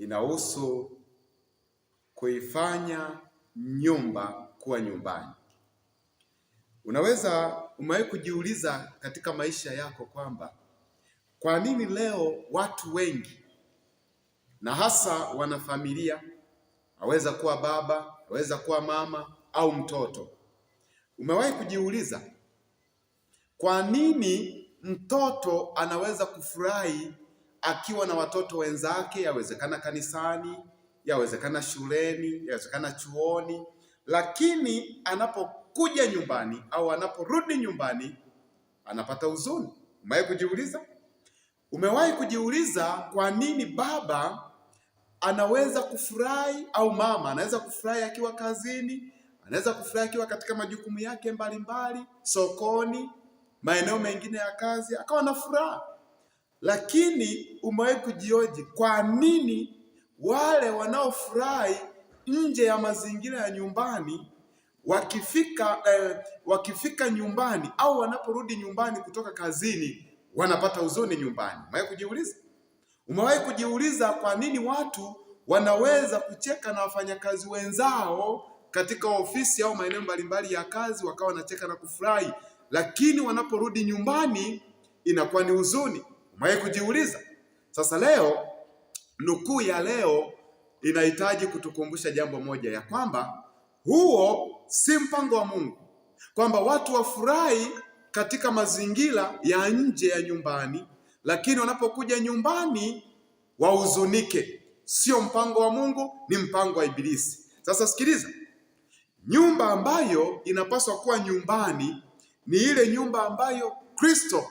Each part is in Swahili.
inahusu kuifanya nyumba kuwa nyumbani. Unaweza umewahi kujiuliza katika maisha yako kwamba kwa nini leo watu wengi na hasa wanafamilia, aweza kuwa baba, aweza kuwa mama au mtoto, umewahi kujiuliza kwa nini mtoto anaweza kufurahi akiwa na watoto wenzake, yawezekana kanisani, yawezekana shuleni, yawezekana chuoni, lakini anapokuja nyumbani au anaporudi nyumbani anapata huzuni. Umewahi kujiuliza? Umewahi kujiuliza kwa nini baba anaweza kufurahi au mama anaweza kufurahi akiwa kazini, anaweza kufurahi akiwa katika majukumu yake mbalimbali mbali, sokoni, maeneo mengine ya kazi, akawa na furaha lakini umewahi kujioji kwa nini wale wanaofurahi nje ya mazingira ya nyumbani wakifika eh, wakifika nyumbani au wanaporudi nyumbani kutoka kazini wanapata huzuni nyumbani? Umewahi kujiuliza? Umewahi kujiuliza kwa nini watu wanaweza kucheka na wafanyakazi wenzao katika ofisi au maeneo mbalimbali ya kazi, wakawa wanacheka na kufurahi, lakini wanaporudi nyumbani inakuwa ni huzuni? Mwaye kujiuliza? Sasa leo nukuu ya leo inahitaji kutukumbusha jambo moja, ya kwamba huo si mpango wa Mungu, kwamba watu wafurahi katika mazingira ya nje ya nyumbani, lakini wanapokuja nyumbani wahuzunike. Sio mpango wa Mungu, ni mpango wa Ibilisi. Sasa sikiliza, nyumba ambayo inapaswa kuwa nyumbani ni ile nyumba ambayo Kristo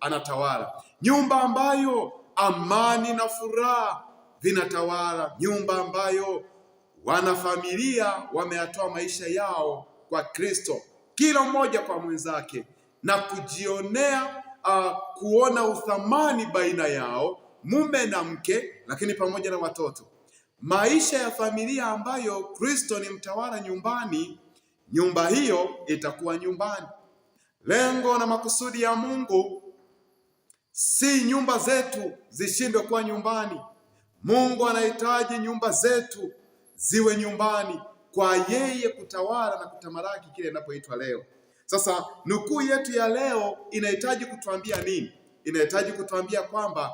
anatawala nyumba ambayo amani na furaha vinatawala, nyumba ambayo wanafamilia wameyatoa maisha yao kwa Kristo, kila mmoja kwa mwenzake na kujionea uh, kuona uthamani baina yao mume na mke, lakini pamoja na watoto. Maisha ya familia ambayo Kristo ni mtawala nyumbani, nyumba hiyo itakuwa nyumbani. Lengo na makusudi ya Mungu si nyumba zetu zishindwe kuwa nyumbani. Mungu anahitaji nyumba zetu ziwe nyumbani kwa yeye kutawala na kutamalaki kile inapoitwa leo. Sasa nukuu yetu ya leo inahitaji kutuambia nini? Inahitaji kutuambia kwamba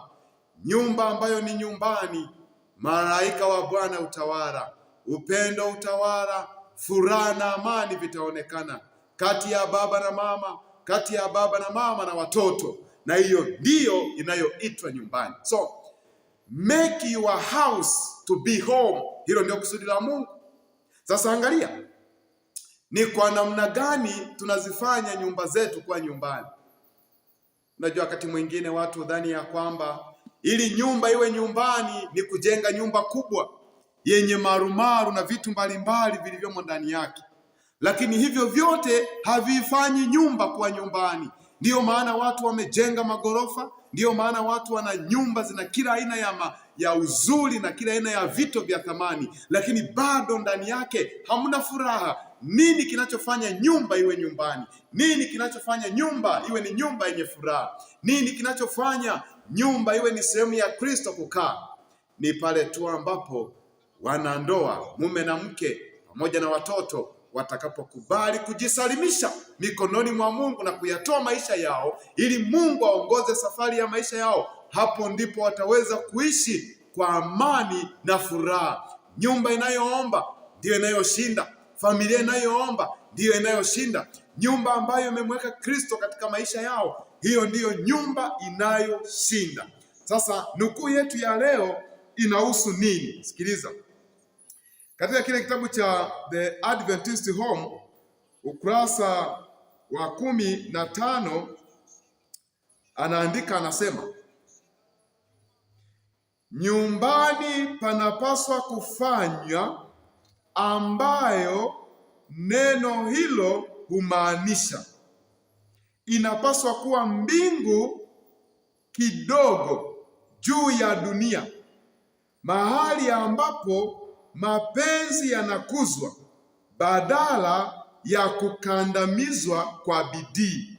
nyumba ambayo ni nyumbani, malaika wa Bwana utawala, upendo utawala, furaha na amani vitaonekana kati ya baba na mama, kati ya baba na mama na watoto na hiyo ndiyo inayoitwa nyumbani. So make your house to be home, hilo ndio kusudi la Mungu. Sasa angalia ni kwa namna gani tunazifanya nyumba zetu kuwa nyumbani. Unajua, wakati mwingine watu hudhani ya kwamba ili nyumba iwe nyumbani ni kujenga nyumba kubwa yenye marumaru na vitu mbalimbali vilivyomo ndani yake, lakini hivyo vyote havifanyi nyumba kuwa nyumbani. Ndiyo maana watu wamejenga magorofa, ndiyo maana watu wana nyumba zina kila aina ya, ma, ya uzuri na kila aina ya vito vya thamani, lakini bado ndani yake hamna furaha. Nini kinachofanya nyumba iwe nyumbani? Nini kinachofanya nyumba iwe ni nyumba yenye furaha? Nini kinachofanya nyumba iwe ni sehemu ya Kristo kukaa? Ni pale tu ambapo wanandoa, mume na mke, pamoja na watoto watakapokubali kujisalimisha mikononi mwa Mungu na kuyatoa maisha yao ili Mungu aongoze safari ya maisha yao, hapo ndipo wataweza kuishi kwa amani na furaha. Nyumba inayoomba ndiyo inayoshinda, familia inayoomba ndiyo inayoshinda. Nyumba ambayo imemweka Kristo katika maisha yao, hiyo ndiyo nyumba inayoshinda. Sasa nukuu yetu ya leo inahusu nini? Sikiliza. Katika kile kitabu cha The Adventist Home ukurasa wa kumi na tano anaandika anasema, nyumbani panapaswa kufanywa ambayo neno hilo humaanisha. Inapaswa kuwa mbingu kidogo juu ya dunia, mahali ambapo mapenzi yanakuzwa badala ya kukandamizwa kwa bidii.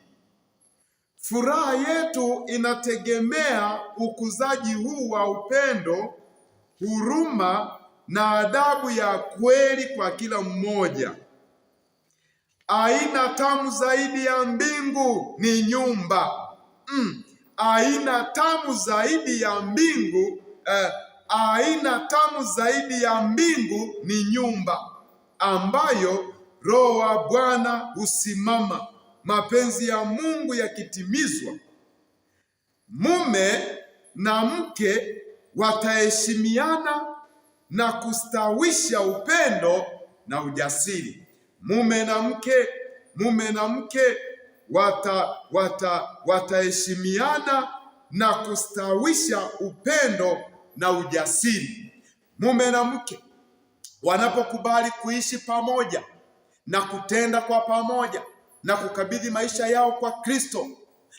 Furaha yetu inategemea ukuzaji huu wa upendo, huruma na adabu ya kweli kwa kila mmoja. Aina tamu zaidi ya mbingu ni nyumba mm. Aina tamu zaidi ya mbingu eh, aina tamu zaidi ya mbingu ni nyumba ambayo Roho wa Bwana husimama, mapenzi ya Mungu yakitimizwa, mume na mke wataheshimiana na kustawisha upendo na ujasiri. Mume na mke, mume na mke wata wata wataheshimiana na kustawisha upendo na ujasiri. Mume na mke wanapokubali kuishi pamoja na kutenda kwa pamoja na kukabidhi maisha yao kwa Kristo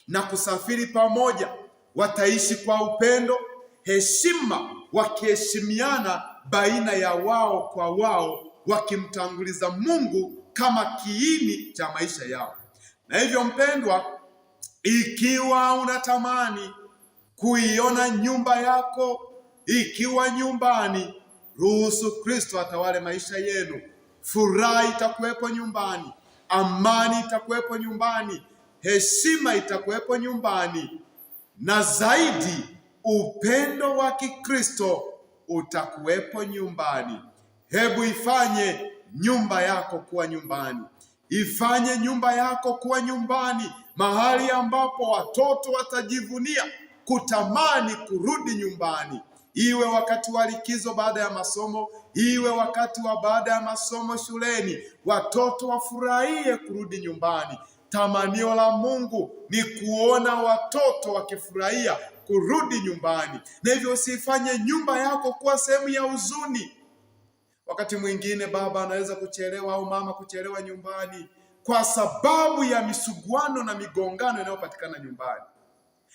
na kusafiri pamoja, wataishi kwa upendo, heshima, wakiheshimiana baina ya wao kwa wao, wakimtanguliza Mungu kama kiini cha maisha yao. Na hivyo mpendwa, ikiwa unatamani kuiona nyumba yako ikiwa nyumbani, ruhusu Kristo atawale maisha yenu. Furaha itakuwepo nyumbani, amani itakuwepo nyumbani, heshima itakuwepo nyumbani, na zaidi upendo wa Kikristo utakuwepo nyumbani. Hebu ifanye nyumba yako kuwa nyumbani, ifanye nyumba yako kuwa nyumbani, mahali ambapo watoto watajivunia kutamani kurudi nyumbani iwe wakati wa likizo baada ya masomo, iwe wakati wa baada ya masomo shuleni, watoto wafurahie kurudi nyumbani. Tamanio la Mungu ni kuona watoto wakifurahia kurudi nyumbani, na hivyo usifanye nyumba yako kuwa sehemu ya huzuni. Wakati mwingine baba anaweza kuchelewa au mama kuchelewa nyumbani kwa sababu ya misuguano na migongano inayopatikana nyumbani.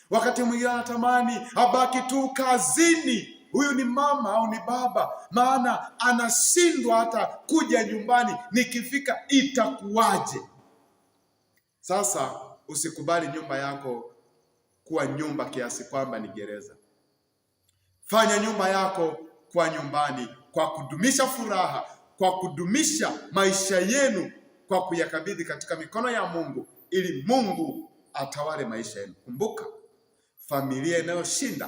Wakati mwingine anatamani abaki tu kazini. Huyu ni mama au ni baba, maana anashindwa hata kuja nyumbani. Nikifika itakuwaje? Sasa usikubali nyumba yako kuwa nyumba kiasi kwamba ni gereza. Fanya nyumba yako kwa nyumbani, kwa kudumisha furaha, kwa kudumisha maisha yenu, kwa kuyakabidhi katika mikono ya Mungu, ili Mungu atawale maisha yenu. Kumbuka Familia inayoshinda,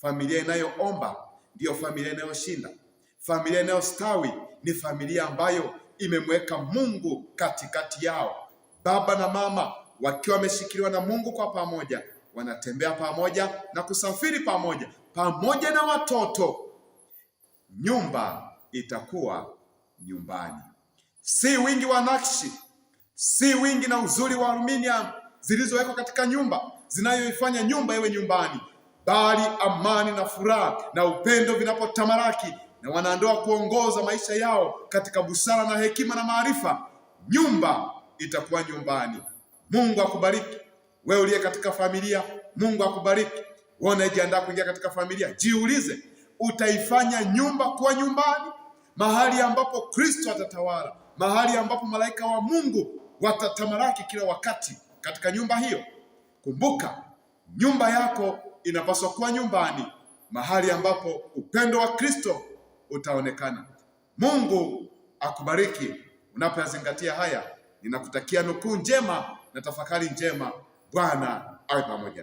familia inayoomba ndiyo familia inayoshinda. Familia inayostawi ni familia ambayo imemweka Mungu katikati yao. Baba na mama wakiwa wameshikiliwa na Mungu kwa pamoja, wanatembea pamoja na kusafiri pamoja, pamoja na watoto. Nyumba itakuwa nyumbani, si wingi wa nakshi, si wingi na uzuri wa aluminium zilizowekwa katika nyumba zinayoifanya nyumba iwe nyumbani, bali amani na furaha na upendo vinapotamaraki na wanandoa kuongoza maisha yao katika busara na hekima na maarifa, nyumba itakuwa nyumbani. Mungu akubariki wewe uliye katika familia. Mungu akubariki wewe unayejiandaa kuingia katika familia. Jiulize, utaifanya nyumba kuwa nyumbani, mahali ambapo Kristo atatawala, mahali ambapo malaika wa Mungu watatamaraki kila wakati katika nyumba hiyo. Kumbuka, nyumba yako inapaswa kuwa nyumbani, mahali ambapo upendo wa Kristo utaonekana. Mungu akubariki unapoyazingatia haya. Ninakutakia nukuu njema na tafakari njema. Bwana awe pamoja.